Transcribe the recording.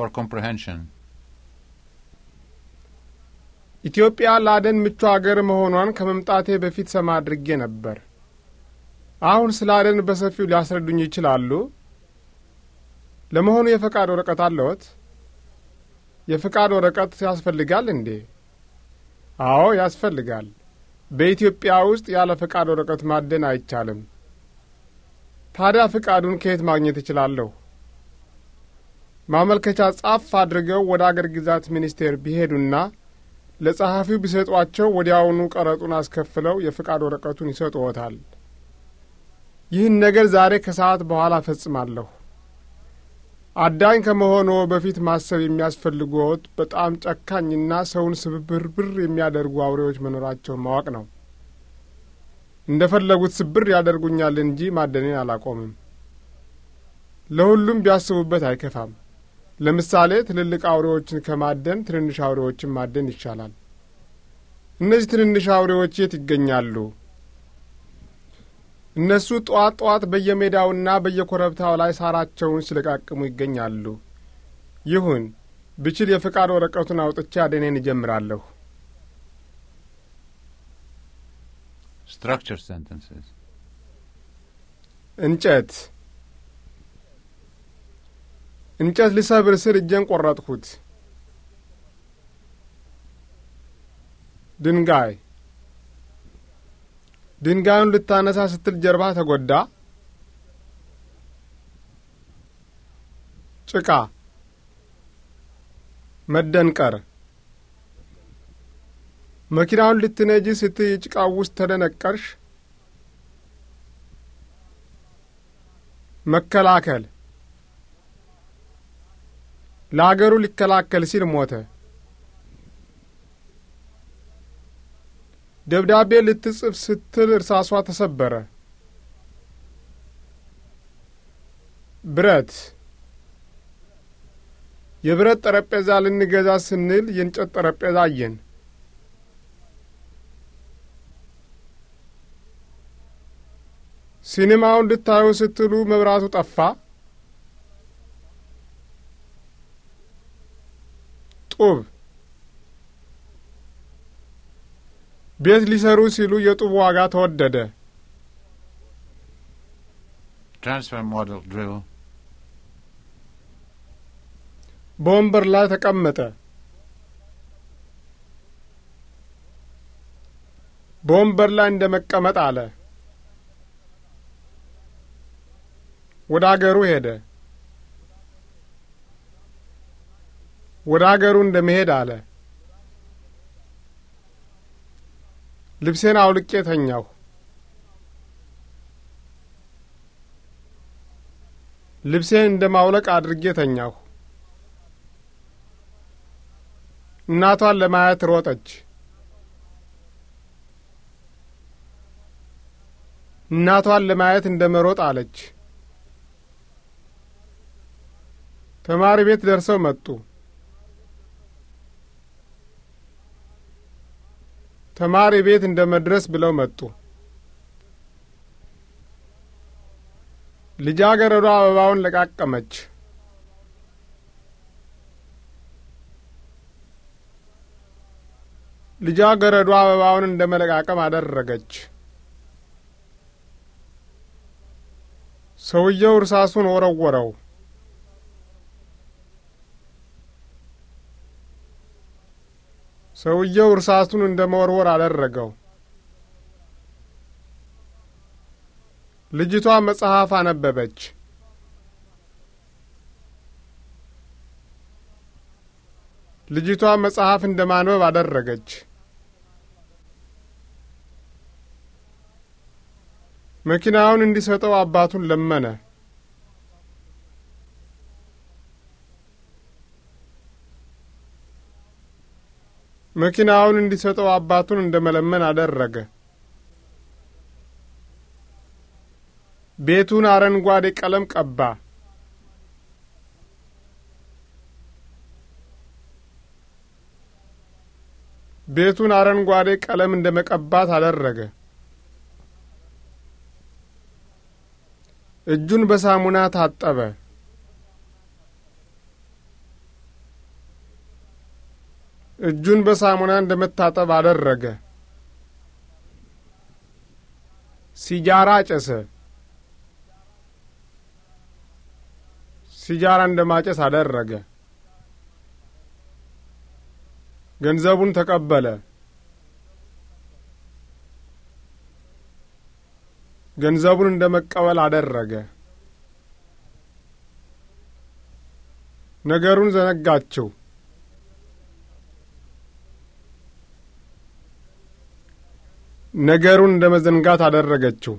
for comprehension. ኢትዮጵያ ለአደን ምቹ አገር መሆኗን ከመምጣቴ በፊት ሰማ አድርጌ ነበር። አሁን ስለ አደን በሰፊው ሊያስረዱኝ ይችላሉ? ለመሆኑ የፈቃድ ወረቀት አለዎት? የፍቃድ ወረቀት ያስፈልጋል እንዴ? አዎ ያስፈልጋል። በኢትዮጵያ ውስጥ ያለ ፈቃድ ወረቀት ማደን አይቻልም። ታዲያ ፈቃዱን ከየት ማግኘት እችላለሁ? ማመልከቻ ጻፍ አድርገው ወደ አገር ግዛት ሚኒስቴር ቢሄዱና ለጸሐፊው ቢሰጧቸው ወዲያውኑ ቀረጡን አስከፍለው የፍቃድ ወረቀቱን ይሰጥዎታል። ይህን ነገር ዛሬ ከሰዓት በኋላ እፈጽማለሁ። አዳኝ ከመሆኑ በፊት ማሰብ የሚያስፈልግዎት በጣም ጨካኝና ሰውን ስብብርብር የሚያደርጉ አውሬዎች መኖራቸውን ማወቅ ነው። እንደ ፈለጉት ስብር ያደርጉኛል እንጂ ማደኔን አላቆምም። ለሁሉም ቢያስቡበት አይከፋም። ለምሳሌ ትልልቅ አውሬዎችን ከማደን ትንንሽ አውሬዎችን ማደን ይቻላል። እነዚህ ትንንሽ አውሬዎች የት ይገኛሉ? እነሱ ጠዋት ጠዋት በየሜዳውና በየኮረብታው ላይ ሳራቸውን ሲለቃቅሙ ይገኛሉ። ይሁን ብችል የፍቃድ ወረቀቱን አውጥቼ አደኔን እጀምራለሁ። ስትራክቸር ሰንተንስስ እንጨት እንጨት ልሰብር ስል እጄን ቆረጥኩት። ድንጋይ ድንጋዩን ልታነሳ ስትል ጀርባ ተጎዳ። ጭቃ መደንቀር መኪናውን ልትነጂ ስትይ የጭቃው ውስጥ ተደነቀርሽ። መከላከል ለአገሩ ሊከላከል ሲል ሞተ። ደብዳቤ ልትጽፍ ስትል እርሳሷ ተሰበረ። ብረት የብረት ጠረጴዛ ልንገዛ ስንል የእንጨት ጠረጴዛ አየን። ሲኒማውን ልታዩ ስትሉ መብራቱ ጠፋ። ጡብ ቤት ሊሰሩ ሲሉ የጡብ ዋጋ ተወደደ። በወንበር ላይ ተቀመጠ። በወንበር ላይ እንደ መቀመጥ አለ። ወደ አገሩ ሄደ። ወደ አገሩ እንደመሄድ አለ። ልብሴን አውልቄ ተኛሁ። ልብሴን እንደ ማውለቅ አድርጌ ተኛሁ። እናቷን ለማየት ሮጠች። እናቷን ለማየት እንደ መሮጥ አለች። ተማሪ ቤት ደርሰው መጡ። ተማሪ ቤት እንደ መድረስ ብለው መጡ። ልጃገረዷ አበባውን ለቃቀመች። ልጃገረዷ አበባውን እንደ መለቃቀም አደረገች። ሰውየው እርሳሱን ወረወረው። ሰውየው እርሳሱን እንደ መወርወር አደረገው። ልጅቷ መጽሐፍ አነበበች። ልጅቷ መጽሐፍ እንደ ማንበብ አደረገች። መኪናውን እንዲሰጠው አባቱን ለመነ። መኪናውን እንዲሰጠው አባቱን እንደ መለመን አደረገ። ቤቱን አረንጓዴ ቀለም ቀባ። ቤቱን አረንጓዴ ቀለም እንደ መቀባት አደረገ። እጁን በሳሙና ታጠበ። እጁን በሳሙና እንደመታጠብ አደረገ። ሲጃራ ጨሰ። ሲጃራ እንደማጨስ አደረገ። ገንዘቡን ተቀበለ። ገንዘቡን እንደ መቀበል አደረገ። ነገሩን ዘነጋቸው ነገሩን እንደ መዘንጋት አደረገችው።